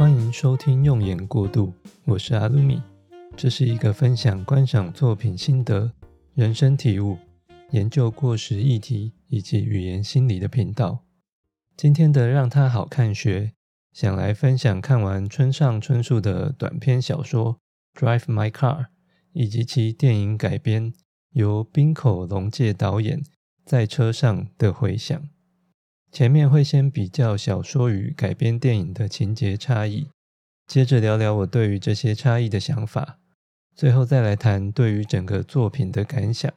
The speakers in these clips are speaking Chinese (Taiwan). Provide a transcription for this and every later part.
歡迎收聽用眼過度，我是阿魯米。這是一個分享觀賞作品心得、人生體悟、研究過時議題以及語言心理的頻道。今天的讓他好看學，想來分享看完村上春樹的短篇小說《Drive My Car》以及其電影改編，由濱口龍介導演《在車上的回響》。前面會先比較小說與改編電影的情節差異，接着聊聊我對於這些差異的想法，最後再來談對於整個作品的感想。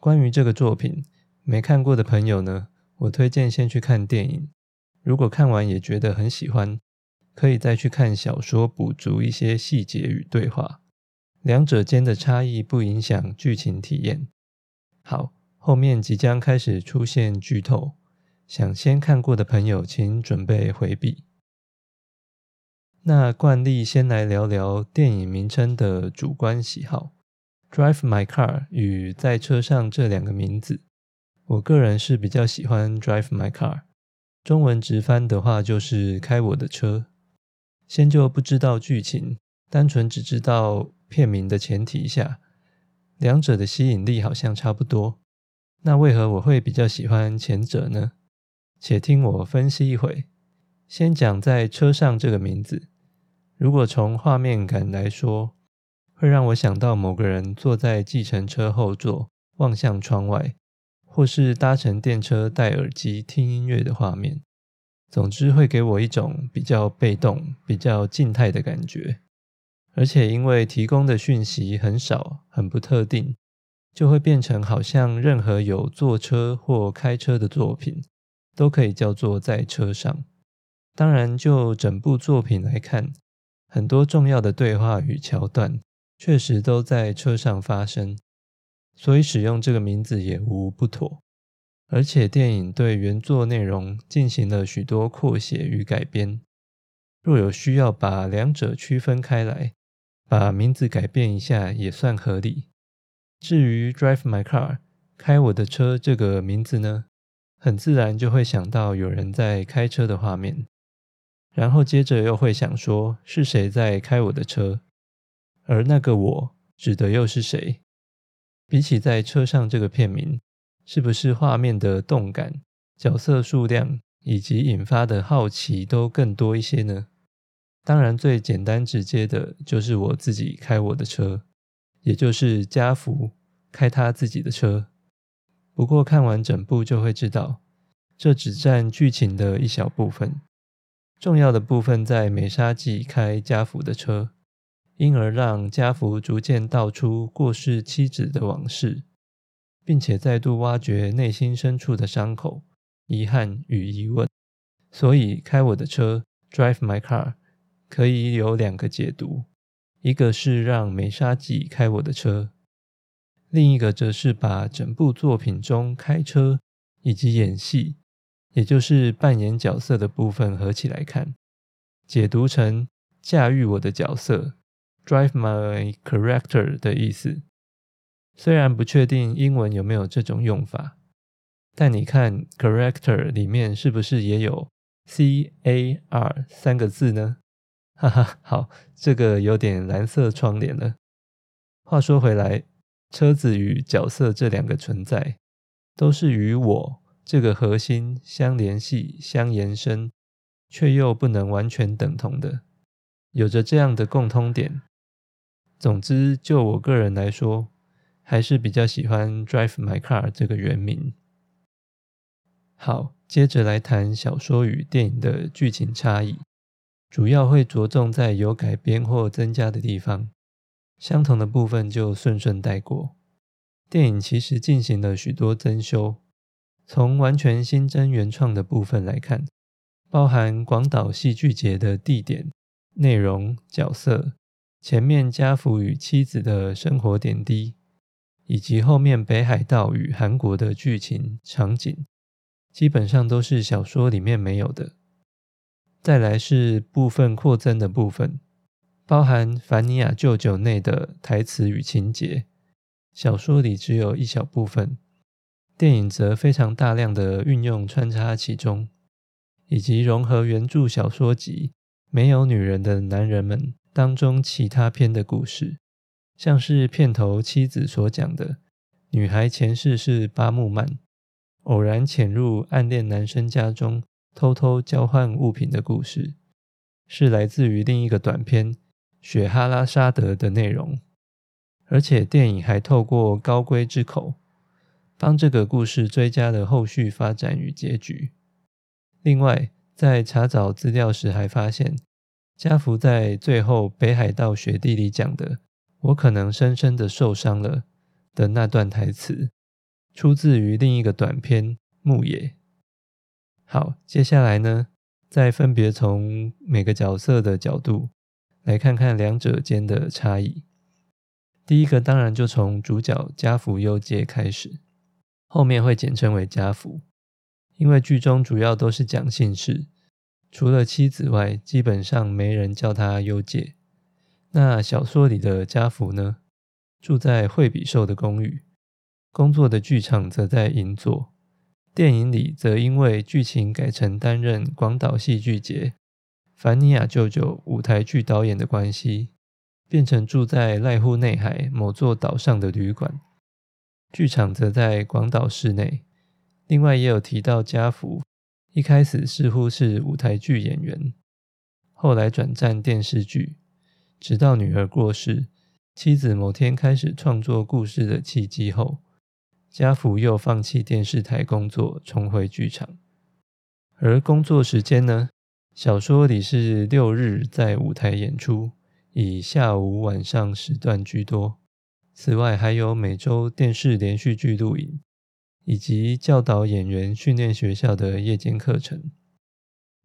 關於這個作品，沒看過的朋友呢，我推薦先去看電影。如果看完也覺得很喜歡，可以再去看小說，補足一些細節與對話。兩者間的差異不影響劇情體驗。好，後面即將開始出現劇透。想先看過的朋友，請準備回避。那慣例先來聊聊電影名稱的主觀喜好，《Drive My Car》與《在車上》這兩個名字，我個人是比較喜歡《Drive My Car》，中文直翻的話就是“開我的車”。先就不知道劇情，單純只知道片名的前提下，兩者的吸引力好像差不多。那為何我會比較喜歡前者呢？且聽我分析一回。先講在車上這個名字，如果從畫面感來說，會讓我想到某個人坐在計程車後座望向窗外，或是搭乘電車戴耳機聽音樂的畫面。總之，會給我一種比較被動、比較靜態的感覺。而且，因為提供的訊息很少、很不特定，就會變成好像任何有坐車或開車的作品。都可以叫做在車上。當然，就整部作品來看，很多重要的對話與橋段確實都在車上發生，所以使用這個名字也無無不妥。而且，電影對原作內容進行了許多擴寫與改編。若有需要把兩者區分開來，把名字改變一下也算合理。至於 “Drive My Car” 開我的車這個名字呢？很自然就會想到有人在開車的畫面，然後接着又會想說是誰在開我的車，而那個“我”指的又是誰？比起在車上這個片名，是不是畫面的動感、角色數量以及引發的好奇都更多一些呢？當然，最簡單直接的就是我自己開我的車，也就是家福開他自己的車。不過看完整部就會知道，這只占劇情的一小部分。重要的部分在美沙紀開家福的車，因而讓家福逐漸道出過世妻子的往事，並且再度挖掘內心深處的傷口、遺憾與疑問。所以開我的車 （Drive My Car） 可以有兩個解讀：一個是讓美沙紀開我的車。另一個則是把整部作品中開車以及演戲，也就是扮演角色的部分合起來看，解讀成駕馭我的角色 （Drive my character） 的意思。雖然不確定英文有沒有這種用法，但你看 “character” 裡面是不是也有 “CAR” 三個字呢？哈哈，好，這個有點藍色窗簾了。話說回來。車子與角色這兩個存在，都是與我這個核心相聯繫、相延伸，卻又不能完全等同的，有着這樣的共通點。總之，就我個人來說，還是比較喜歡《Drive My Car》這個原名。好，接着來談小說與電影的劇情差異，主要會着重在有改編或增加的地方。相同的部分就順順帶過。電影其實進行了許多增修，從完全新增原創的部分來看，包含廣島戲劇節的地點、內容、角色，前面家福與妻子的生活點滴，以及後面北海道與韓國的劇情場景，基本上都是小說裡面沒有的。再來是部分擴增的部分。包含凡尼亞舅舅內的台詞與情節，小說裡只有一小部分，電影則非常大量的運用穿插其中，以及融合原著小說集《沒有女人的男人們》當中其他篇的故事，像是片頭妻子所講的女孩前世是八目鰻，偶然潛入暗戀男生家中偷偷交換物品的故事，是來自於另一個短篇，雪哈拉沙德的內容，而且電影還透過高槻之口，幫這個故事追加了後續發展與結局。另外，在查找資料時還發現，家福在最後北海道雪地裡講的“我可能深深的受傷了”的那段台詞，出自於另一個短篇《牧野》。好，接下來呢，再分別從每個角色的角度。來看看兩者間的差異，第一個當然就從主角家福悠介開始，後面會簡稱為家福，因為劇中主要都是講姓氏，除了妻子外，基本上沒人叫他悠介。那小說裡的家福呢？住在惠比壽的公寓，工作的劇場則在銀座。電影裡則因為劇情改成擔任廣島戲劇節凡尼亞舅舅舞台劇導演的關係，變成住在瀨戶內海某座島上的旅館，劇場則在廣島市內。另外也有提到家福，一開始似乎是舞台劇演員，後來轉戰電視劇，直到女兒過世，妻子某天開始創作故事的契機後，家福又放棄電視台工作，重回劇場。而工作時間呢？小說裡是六日在舞台演出，以下午、晚上時段居多。此外，還有每周電視連續劇錄影，以及教導演員訓練學校的夜間課程。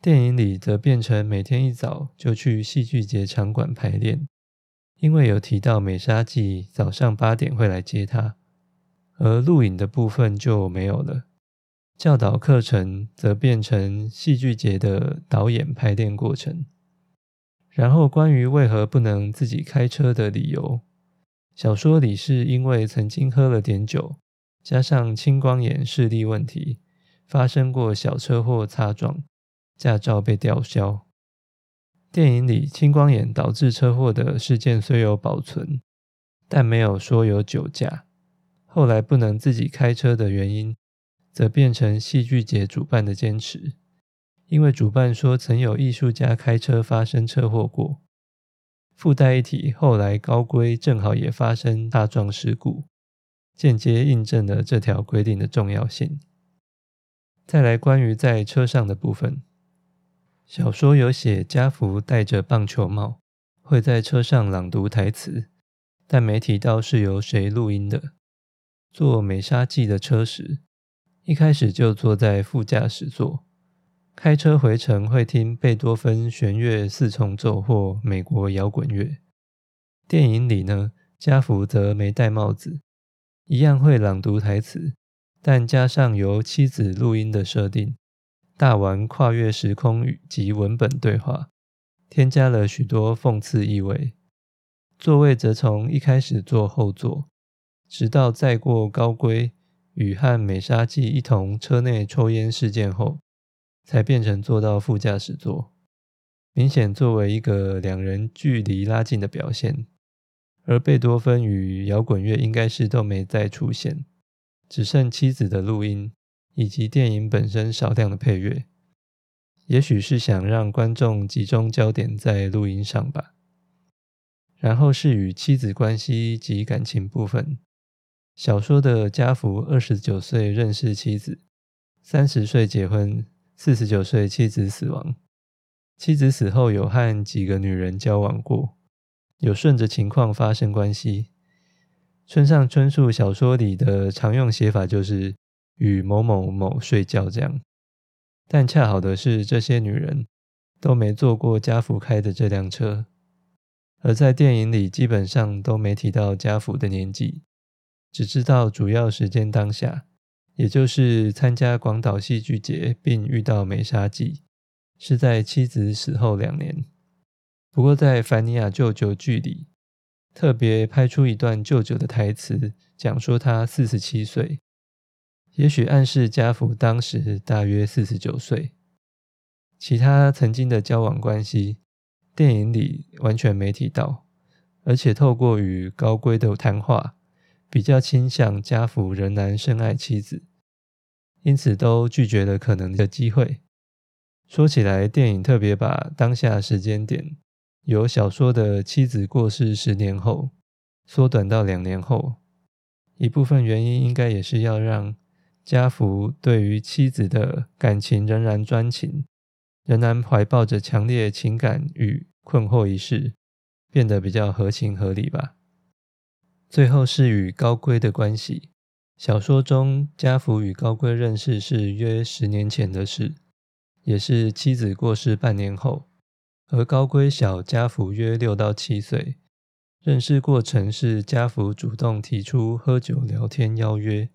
電影裡則變成每天一早就去戲劇節場館排練，因為有提到美沙紀早上八點會來接他，而錄影的部分就沒有了。教導課程則變成戲劇節的導演拍電過程。然後，關於為何不能自己開車的理由，小說裡是因為曾經喝了點酒，加上青光眼視力問題，發生過小車禍擦撞，駕照被吊銷。電影裡青光眼導致車禍的事件雖有保存，但沒有說有酒駕，後來不能自己開車的原因，則變成戲劇節主辦的堅持，因為主辦說曾有藝術家開車發生車禍過。附帶一提，後來高槻正好也發生大撞事故，間接印證了這條規定的重要性。再來，關於在車上的部分，小說有寫家福戴着棒球帽，會在車上朗讀台詞，但沒提到是由誰錄音的。坐美沙紀的車時，一開始就坐在副駕駛座，開車回程會聽貝多芬弦樂四重奏或美國搖滾樂。電影裡呢，家福則沒戴帽子，一樣會朗讀台詞，但加上由妻子錄音的設定，大玩跨越時空以及文本對話，添加了許多諷刺意味。座位則從一開始坐後座，直到再過高規。與和美莎季一同車內抽煙事件後，才變成坐到副駕駛座，明顯作為一個兩人距離拉近的表現。而貝多芬與搖滾樂應該是都沒再出現，只剩妻子的錄音以及電影本身少量的配樂，也許是想讓觀眾集中焦點在錄音上吧。然後是與妻子關係及感情部分。小說的家福二十九歲認識妻子，三十歲結婚，四十九歲妻子死亡。妻子死後有和幾個女人交往過，有順着情況發生關係。村上春樹小說裡的常用寫法就是“與某某某某睡覺”這樣，但恰好的是這些女人都沒坐過家福開的這輛車，而在電影裡基本上都沒提到家福的年紀。只知道主要時間當下，也就是參加廣島戲劇節並遇到美沙紀，是在妻子死後兩年。不過，在凡尼亞舅舅劇裡，特別拍出一段舅舅的台詞，講說他四十七歲，也許暗示家福當時大約四十九歲。其他曾經的交往關係，電影裡完全沒提到，而且透過與高槻的談話。比較傾向家福仍然深愛妻子，因此都拒絕了可能的機會。說起來，電影特別把當下時間點由小說的妻子過世十年後縮短到兩年後，一部分原因應該也是要讓家福對於妻子的感情仍然專情，仍然懷抱着強烈情感與困惑一事變得比較合情合理吧。最後是與高槻的關係。小說中，家福與高槻認識是約十年前的事，也是妻子過世半年後。和高槻小家福約六到七歲，認識過程是家福主動提出喝酒聊天邀約，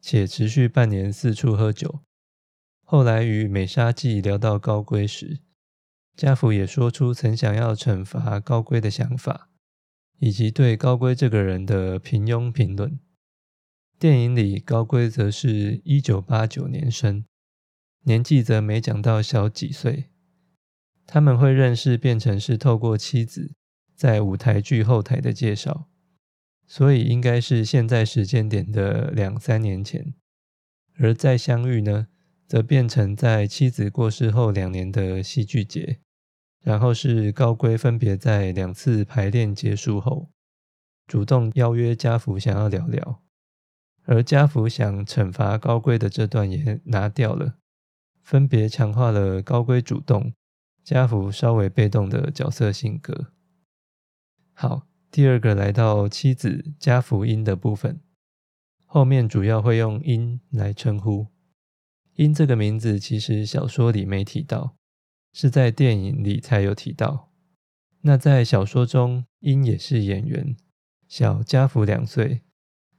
且持續半年四處喝酒。後來與美沙紀聊到高槻時，家福也說出曾想要懲罰高槻的想法。以及對高槻這個人的平庸評論。電影裡高槻則是一九八九年生，年紀則沒講到小幾歲。他們會認識變成是透過妻子在舞台劇後台的介紹，所以應該是現在時間點的兩三年前。而再相遇呢，則變成在妻子過世後兩年的戲劇節。然後是高槻，分別在兩次排練結束後，主動邀約家福想要聊聊，而家福想懲罰高槻的這段也拿掉了，分別強化了高槻主動、家福稍微被動的角色性格。好，第二個來到妻子家福音的部分，後面主要會用音來稱呼。音這個名字其實小說裡沒提到。是在電影裡才有提到。那在小說中，音也是演員，小家福兩歲，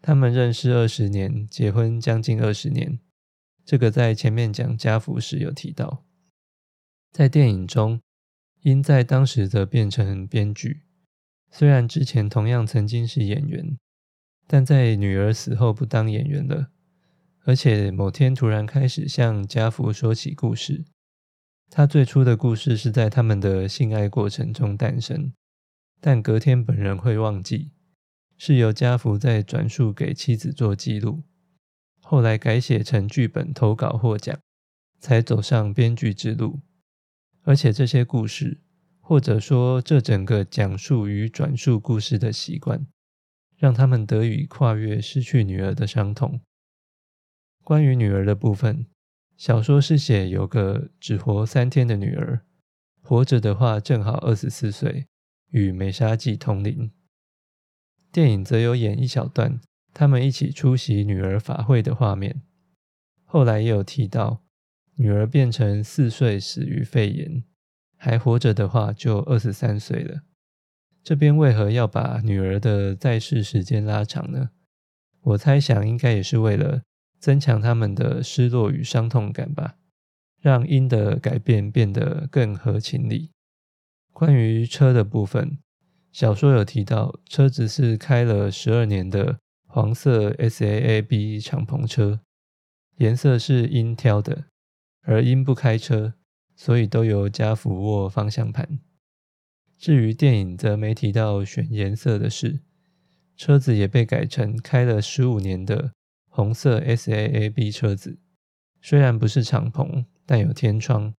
他們認識二十年，結婚將近二十年。這個在前面講家福時有提到。在電影中，音在當時則變成編劇，雖然之前同樣曾經是演員，但在女兒死後不當演員了，而且某天突然開始向家福說起故事。他最初的故事是在他們的性愛過程中誕生，但隔天本人會忘記，是由家福在轉述給妻子做記錄，後來改寫成劇本投稿獲獎，才走上編劇之路。而且這些故事，或者說這整個講述與轉述故事的習慣，讓他們得以跨越失去女兒的傷痛。關於女兒的部分。小說是寫有個只活三天的女兒，活着的話正好二十四歲，與梅沙季同齡。電影則有演一小段，他們一起出席女兒法會的畫面。後來也有提到，女兒變成四歲，死於肺炎，還活着的話就二十三歲了。這邊為何要把女兒的在世時間拉長呢？我猜想應該也是為了。增強他們的失落與傷痛感吧，讓音的改變變得更合情理。關於車的部分，小說有提到，車子是開了十二年的黃色 S A A B 敞篷車，顏色是音挑的，而音不開車，所以都由家福握方向盤。至於電影，則沒提到選顏色的事，車子也被改成開了十五年的。紅色 S A A B 車子雖然不是敞篷，但有天窗，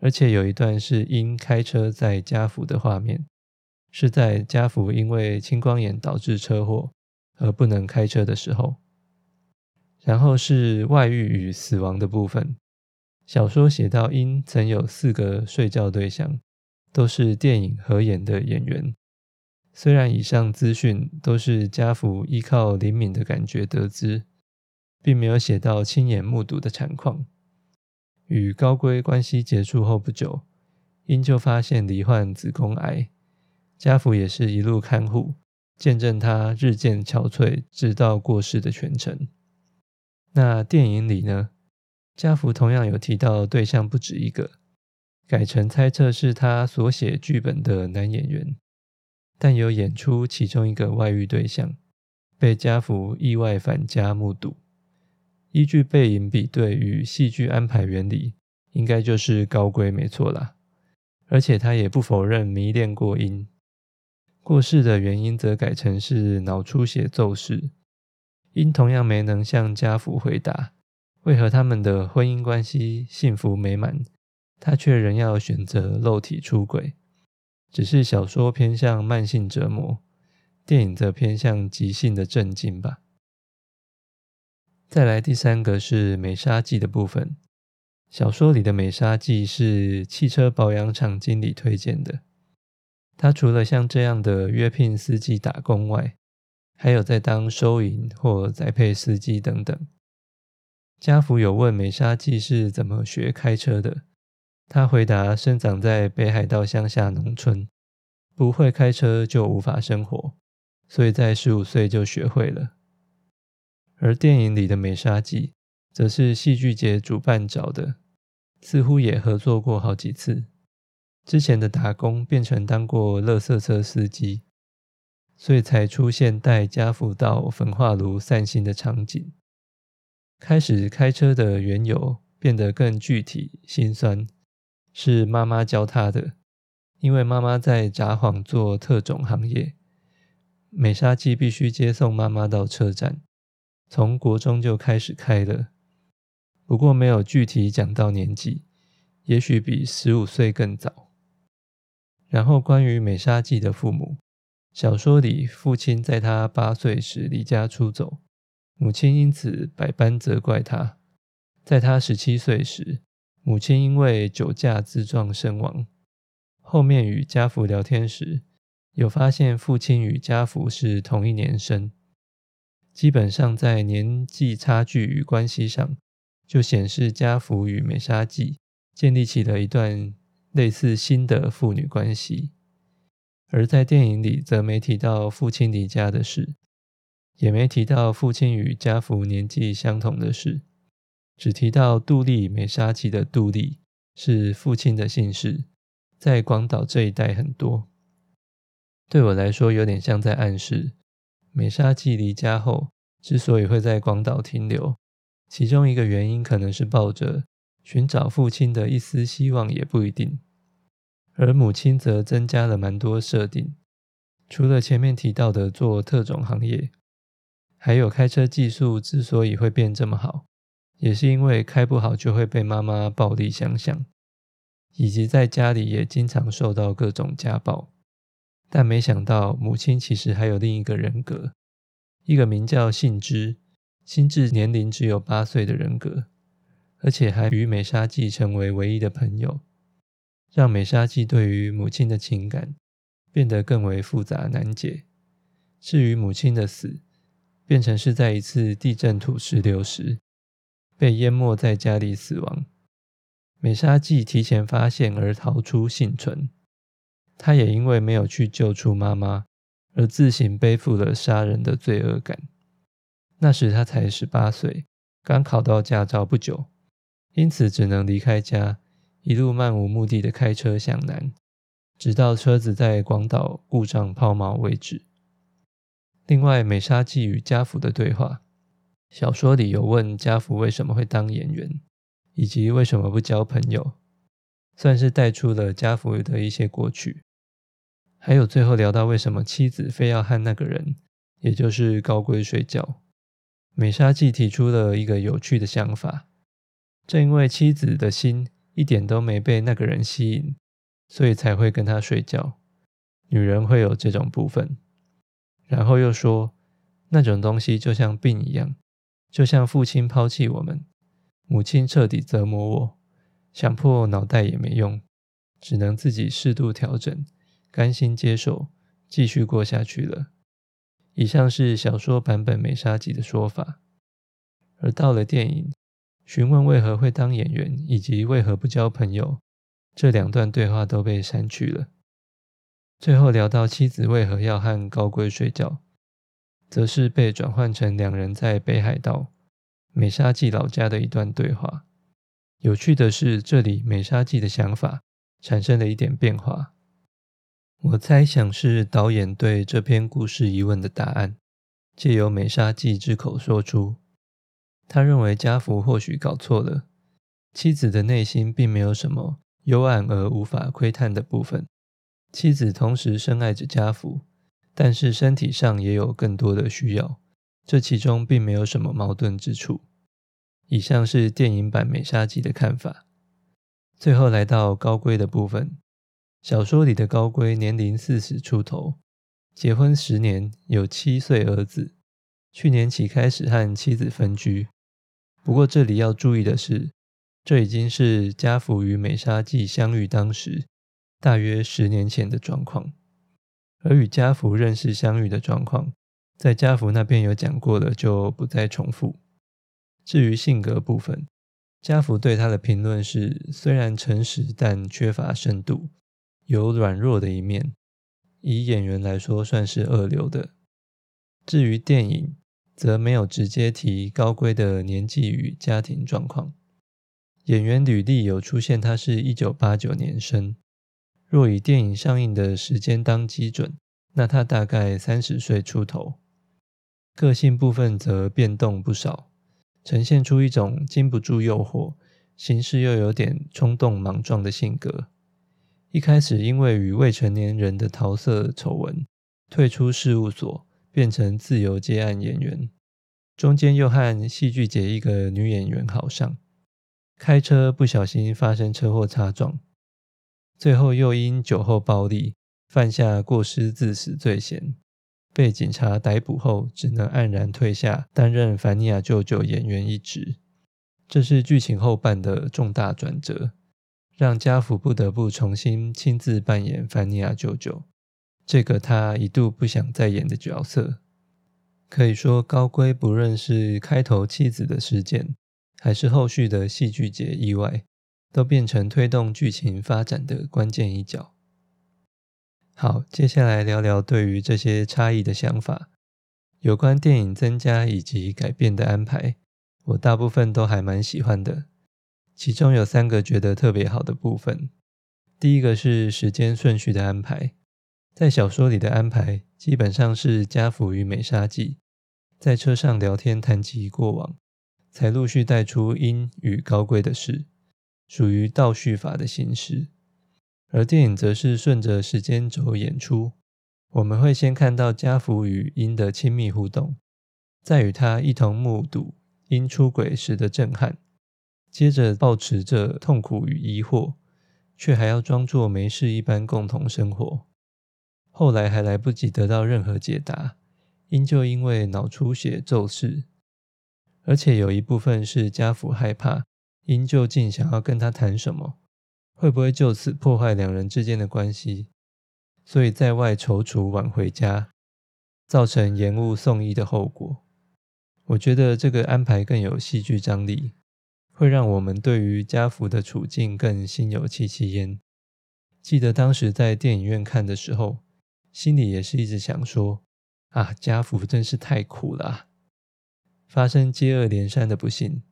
而且有一段是音開車在家福的畫面，是在家福因為青光眼導致車禍而不能開車的時候。然後是外遇與死亡的部分，小說寫到音曾有四個睡覺對象，都是電影合演的演員。雖然以上資訊都是家福依靠靈敏的感覺得知。並沒有寫到親眼目睹的慘況。與高槻關係結束後不久，音就發現罹患子宮癌，家福也是一路看護，見證他日漸憔悴，直到過世的全程。那電影裡呢？家福同樣有提到對象不止一個，改成猜測是他所寫劇本的男演員，但有演出其中一個外遇對象，被家福意外返家目睹。依據背影比對與戲劇安排原理，應該就是高槻沒錯啦。而且他也不否認迷戀過音。過世的原因則改成是腦出血驟逝。音同樣沒能向家福回答為何他們的婚姻關係幸福美滿，他卻仍要選擇肉體出軌。只是小說偏向慢性折磨，電影則偏向急性的震驚吧。再來第三個是美沙紀的部分。小說裡的美沙紀是汽車保養廠經理推薦的。他除了像這樣的約聘司機打工外，還有在當收銀或宅配司機等等。家福有問美沙紀是怎麼學開車的，他回答：生長在北海道鄉下農村，不會開車就無法生活，所以在十五歲就學會了。而電影裡的美沙紀，則是戲劇節主辦找的，似乎也合作過好幾次。之前的打工變成當過垃圾車司機，所以才出現帶家福到焚化爐散心的場景。開始開車的緣由變得更具體、心酸，是媽媽教他的，因為媽媽在札幌做特種行業，美沙紀必須接送媽媽到車站。從國中就開始開了，不過沒有具體講到年紀，也許比十五歲更早。然後關於美沙紀的父母，小說裡父親在她八歲時離家出走，母親因此百般責怪他。在她十七歲時，母親因為酒駕自撞身亡。後面與家福聊天時，有發現父親與家福是同一年生。基本上在年紀差距與關係上，就顯示家福與美沙紀建立起了一段類似新的父女關係。而在電影裡則沒提到父親離家的事，也沒提到父親與家福年紀相同的事，只提到杜麗美沙紀的杜麗，是父親的姓氏，在廣島這一帶很多。對我來說有點像在暗示。美沙紀離家後之所以會在廣島停留，其中一個原因可能是抱着尋找父親的一絲希望，也不一定。而母親則增加了蠻多設定，除了前面提到的做特種行業，還有開車技術之所以會變這麼好，也是因為開不好就會被媽媽暴力相向，以及在家裡也經常受到各種家暴。但沒想到，母親其實還有另一個人格，一個名叫幸之，心智年齡只有八歲的人格，而且還與美沙紀成為唯一的朋友，讓美沙紀對於母親的情感變得更為複雜難解。至於母親的死，變成是在一次地震土石流時被淹沒在家裡死亡，美沙紀提前發現而逃出幸存。他也因為沒有去救出媽媽，而自行背負了殺人的罪惡感。那時他才十八歲，剛考到駕照不久，因此只能離開家，一路漫無目的的開車向南，直到車子在廣島故障拋錨為止。另外，美沙紀與家福的對話，小說裡有問家福為什麼會當演員，以及為什麼不交朋友，算是帶出了家福的一些過去。還有最後聊到為什麼妻子非要和那個人，也就是高槻睡覺，美沙季提出了一個有趣的想法：正因為妻子的心一點都沒被那個人吸引，所以才會跟他睡覺。女人會有這種部分。然後又說，那種東西就像病一樣，就像父親拋棄我們，母親徹底折磨我，想破腦袋也沒用，只能自己適度調整。甘心接受，繼續過下去了。以上是小說版本美沙紀的說法，而到了電影，詢問為何會當演員以及為何不交朋友，這兩段對話都被刪去了。最後聊到妻子為何要和高槻睡覺，則是被轉換成兩人在北海道美沙紀老家的一段對話。有趣的是，這裡美沙紀的想法產生了一點變化。我猜想是導演對這篇故事疑問的答案，借由美沙紀之口說出。他認為家福或許搞錯了，妻子的內心並沒有什麼幽暗而無法窺探的部分。妻子同時深愛着家福，但是身體上也有更多的需要，這其中並沒有什麼矛盾之處。以上是電影版美沙紀的看法。最後來到高貴的部分。小說裡的高槻年齡四十出頭，結婚十年，有七歲兒子。去年起開始和妻子分居。不過這裡要注意的是，這已經是家福與美沙紀相遇當時，大約十年前的狀況。而與家福認識相遇的狀況，在家福那邊有講過了，就不再重複。至於性格部分，家福對他的評論是：雖然誠實，但缺乏深度。有軟弱的一面，以演員來說算是二流的。至於電影，則沒有直接提高槻的年紀與家庭狀況。演員履歷有出現，他是一九八九年生。若以電影上映的時間當基準，那他大概三十歲出頭。個性部分則變動不少，呈現出一種禁不住誘惑、行事又有點衝動莽撞的性格。一開始因為與未成年人的桃色醜聞退出事務所，變成自由接案演員。中間又和戲劇界一個女演員好上，開車不小心發生車禍擦撞，最後又因酒後暴力犯下過失致死罪嫌，被警察逮捕後，只能黯然退下，擔任凡尼亞舅舅演員一職。這是劇情後半的重大轉折。讓家福不得不重新親自扮演范尼亞舅舅這個他一度不想再演的角色，可以說高規不論是開頭妻子的事件，還是後續的戲劇節意外，都變成推動劇情發展的關鍵一角。好，接下來聊聊對於這些差異的想法，有關電影增加以及改變的安排，我大部分都還蠻喜歡的。其中有三個覺得特別好的部分，第一個是時間順序的安排，在小說裡的安排基本上是家福與美沙紀在車上聊天談及過往，才陸續帶出音與高槻的事，屬於倒敘法的形式；而電影則是順着時間軸演出，我們會先看到家福與音的親密互動，再與他一同目睹音出軌時的震撼。接着抱持着痛苦與疑惑，卻還要裝作沒事一般共同生活。後來還來不及得到任何解答，因就因為腦出血驟逝。而且有一部分是家父害怕，因究竟想要跟他談什麼，會不會就此破壞兩人之間的關係，所以在外躊躇晚回家，造成延誤送醫的後果。我覺得這個安排更有戲劇張力。會讓我們對於家福的處境更心有戚戚焉。記得當時在電影院看的時候，心裡也是一直想說：“啊，家福真是太苦了啊，發生接二連三的不幸，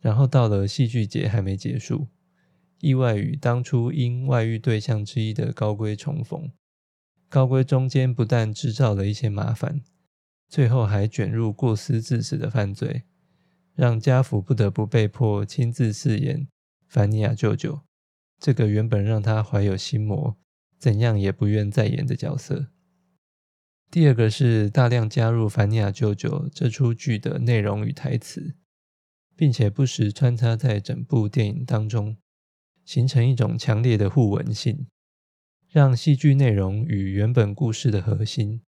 然後到了戲劇節還沒結束，意外與當初因外遇對象之一的高槻重逢，高槻中間不但制造了一些麻煩，最後還卷入過失致死的犯罪。”讓家福不得不被迫親自飾演凡尼亞舅舅，這個原本讓他懷有心魔、怎樣也不願再演的角色。第二個是大量加入凡尼亞舅舅這出劇的內容與台詞，並且不時穿插在整部電影當中，形成一種強烈的互文性，讓戲劇內容與原本故事的核心，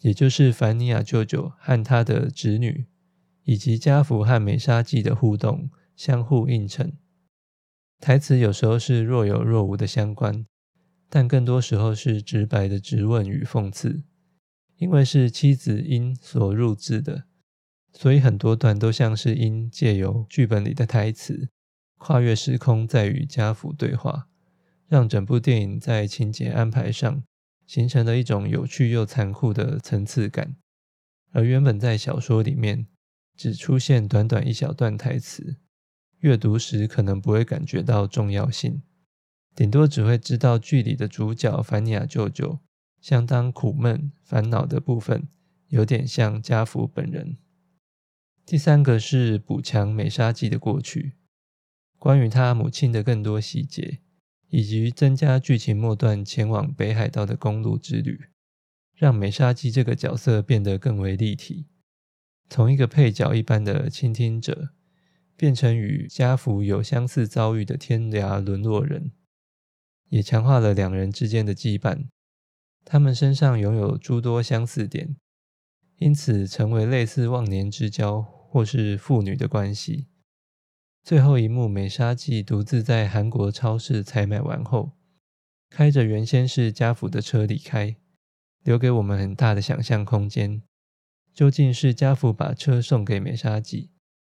也就是凡尼亞舅舅和他的侄女。以及家福和美沙紀的互動相互映襯，台詞有時候是若有若無的相關，但更多時候是直白的質問與諷刺。因為是妻子音所錄製的，所以很多段都像是音借由劇本裡的台詞跨越時空，在與家福對話，讓整部電影在情節安排上形成了一種有趣又殘酷的層次感。而原本在小說裡面，只出現短短一小段台詞，閱讀時可能不會感覺到重要性，頂多只會知道劇裡的主角凡尼亞舅舅相當苦悶煩惱的部分，有點像家福本人。第三個是補強美沙基的過去，關於他母親的更多細節，以及增加劇情末段前往北海道的公路之旅，讓美沙基這個角色變得更為立體。從一個配角一般的傾聽者，變成與家福有相似遭遇的天涯淪落人，也強化了兩人之間的羈絆。他們身上擁有諸多相似點，因此成為類似忘年之交或是父女的關係。最後一幕，美沙紀獨自在韓國超市採買完後，開着原先是家福的車離開，留給我們很大的想象空間。究竟是家福把車送給美沙紀，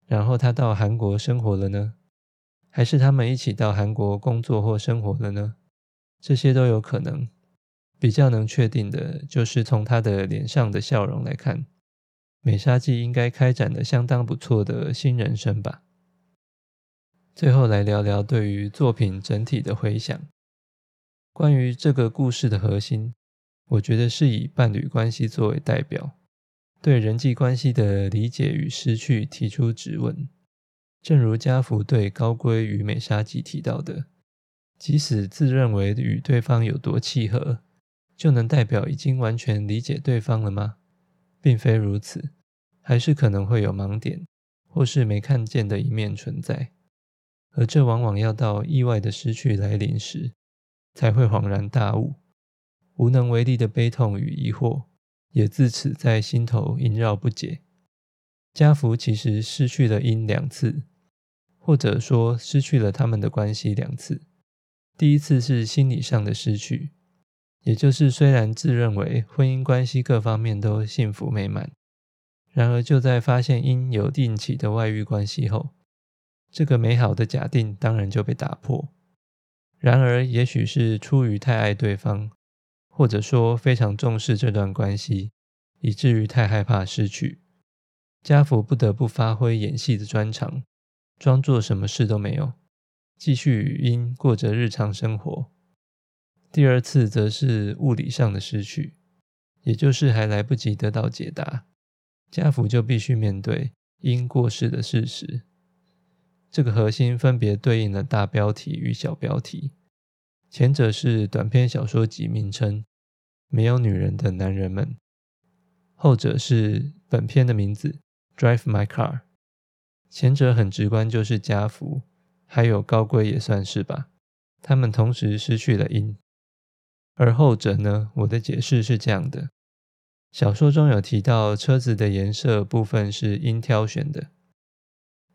然後他到韓國生活了呢？還是他們一起到韓國工作或生活了呢？這些都有可能。比較能確定的就是從他的臉上的笑容來看，美沙紀應該開展了相當不錯的新人生吧。最後來聊聊對於作品整體的回想。關於這個故事的核心，我覺得是以伴侶關係作為代表，對人際關係的理解與失去提出質問，正如家福對高槻與美沙吉提到的，即使自認為與對方有多契合，就能代表已經完全理解對方了嗎？並非如此，還是可能會有盲點，或是沒看見的一面存在，而這往往要到意外的失去來臨時，才會恍然大悟，無能為力的悲痛與疑惑。也自此在心頭縈繞不解。家福其實失去了音兩次，或者說失去了他們的關係兩次。第一次是心理上的失去，也就是雖然自認為婚姻關係各方面都幸福美滿，然而就在發現音有定期的外遇關係後，這個美好的假定當然就被打破。然而，也許是出於太愛對方。或者說非常重視這段關係，以至於太害怕失去，家福不得不發揮演戲的專長，裝作什麼事都沒有，繼續與音過着日常生活。第二次則是物理上的失去，也就是還來不及得到解答，家福就必須面對音過世的事實。這個核心分別對應了大標題與小標題。前者是短篇小說集名稱，《沒有女人的男人們》；後者是本片的名字，《Drive My Car》。前者很直觀，就是家福，還有高貴也算是吧。他們同時失去了音。而後者呢？我的解釋是這樣的：小說中有提到車子的顏色部分是音挑選的。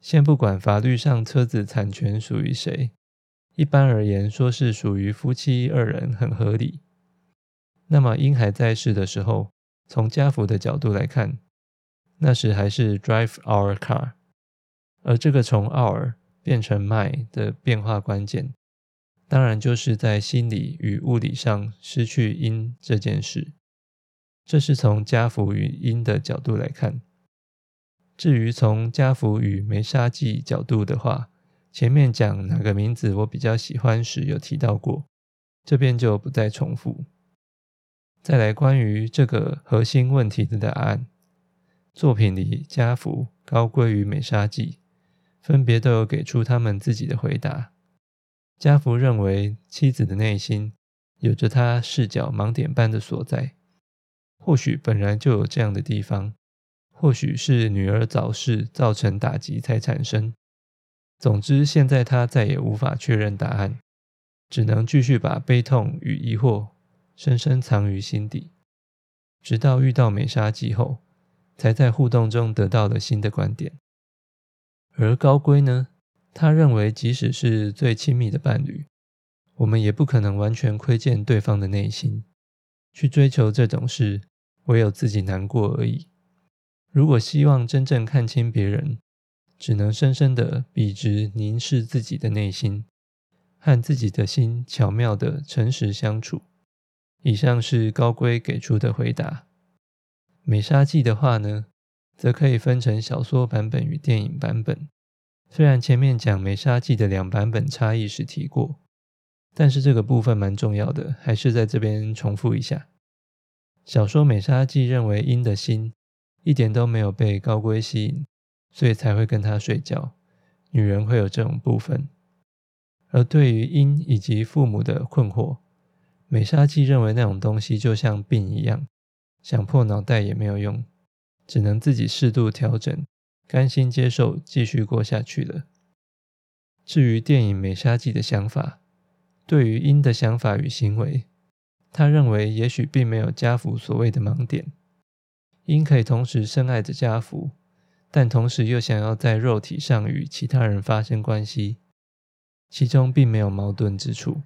先不管法律上車子產權屬於誰。一般而言，說是屬於夫妻二人很合理。那麼，音還在世的時候，從家福的角度來看，那時還是 drive our car。而這個從 our 變成 my 的變化關鍵，當然就是在心理與物理上失去音這件事。這是從家福與音的角度來看。至於從家福與梅沙記角度的話，前面講哪個名字我比較喜歡時有提到過，這邊就不再重複。再來關於這個核心問題的答案，作品裡家福高槻與美沙季分別都有給出他們自己的回答。家福認為妻子的內心有着他視角盲點般的所在，或許本來就有這樣的地方，或許是女兒早逝造成打擊才產生。總之，現在他再也無法確認答案，只能繼續把悲痛與疑惑深深藏於心底。直到遇到美沙紀後，才在互動中得到了新的觀點。而高槻呢，他認為即使是最親密的伴侶，我們也不可能完全窺見對方的內心。去追求這種事，唯有自己難過而已。如果希望真正看清別人，只能深深的筆直凝視自己的內心，和自己的心巧妙的誠實相處。以上是高槻給出的回答。美沙季的話呢，則可以分成小說版本與電影版本。雖然前面講美沙季的兩版本差異時提過，但是這個部分蠻重要的，還是在這邊重複一下。小說美沙季認為音的心一點都沒有被高槻吸引。所以才會跟他睡覺，女人會有這種部分。而對於音以及父母的困惑，美沙紀認為那種東西就像病一樣，想破腦袋也沒有用，只能自己適度調整，甘心接受，繼續過下去了。至於電影美沙紀的想法，對於音的想法與行為，他認為也許並沒有家福所謂的盲點，音可以同時深愛着家福。但同時又想要在肉體上與其他人發生關係，其中並沒有矛盾之處。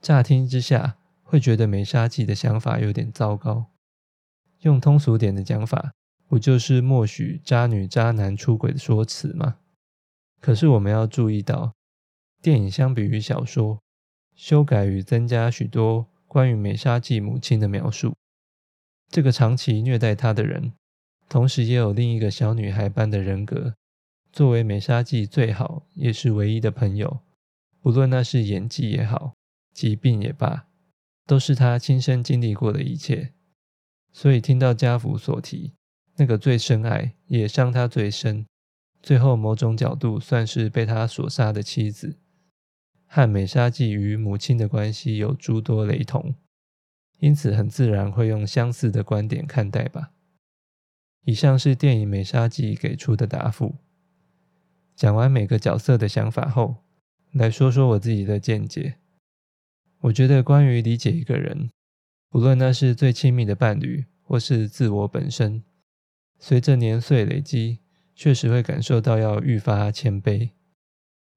乍聽之下會覺得美沙紀的想法有點糟糕。用通俗點的講法，不就是默許渣女渣男出軌的說辭嗎？可是我們要注意到，電影相比於小說，修改與增加許多關於美沙紀母親的描述，這個長期虐待她的人。同時，也有另一個小女孩般的人格，作為美沙紀最好也是唯一的朋友。不論那是演技也好，疾病也罷，都是他親身經歷過的一切。所以，聽到家福所提那個最深愛也傷他最深，最後某種角度算是被他所殺的妻子，和美沙紀與母親的關係有諸多雷同，因此很自然會用相似的觀點看待吧。以上是電影《美沙紀》給出的答覆。講完每個角色的想法後，來說說我自己的見解。我覺得，關於理解一個人，不論那是最親密的伴侶，或是自我本身，隨着年歲累積，確實會感受到要愈發謙卑。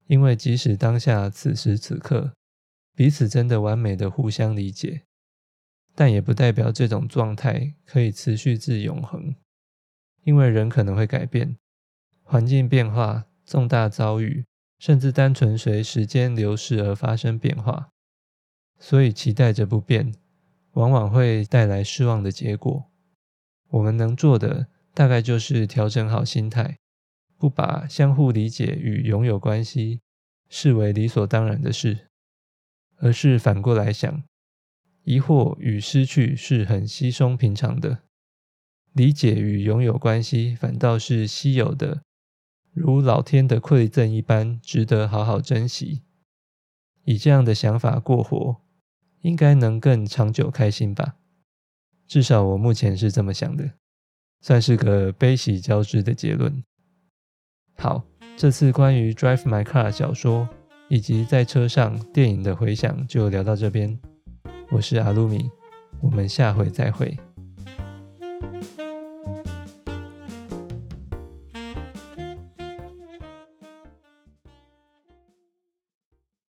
因為即使當下此時此刻，彼此真的完美的互相理解，但也不代表這種狀態可以持續至永恆。因為人可能會改變，環境變化、重大遭遇，甚至單純隨時間流逝而發生變化，所以期待着不變，往往會帶來失望的結果。我們能做的，大概就是調整好心態，不把相互理解與擁有關係視為理所當然的事，而是反過來想，疑惑與失去是很稀鬆平常的。理解與擁有關係，反倒是稀有的，如老天的饋贈一般，值得好好珍惜。以這樣的想法過活，應該能更長久開心吧。至少我目前是這麼想的，算是個悲喜交織的結論。好，這次關於《Drive My Car》小說以及在車上電影的迴響就聊到這邊。我是阿魯米，我們下回再會。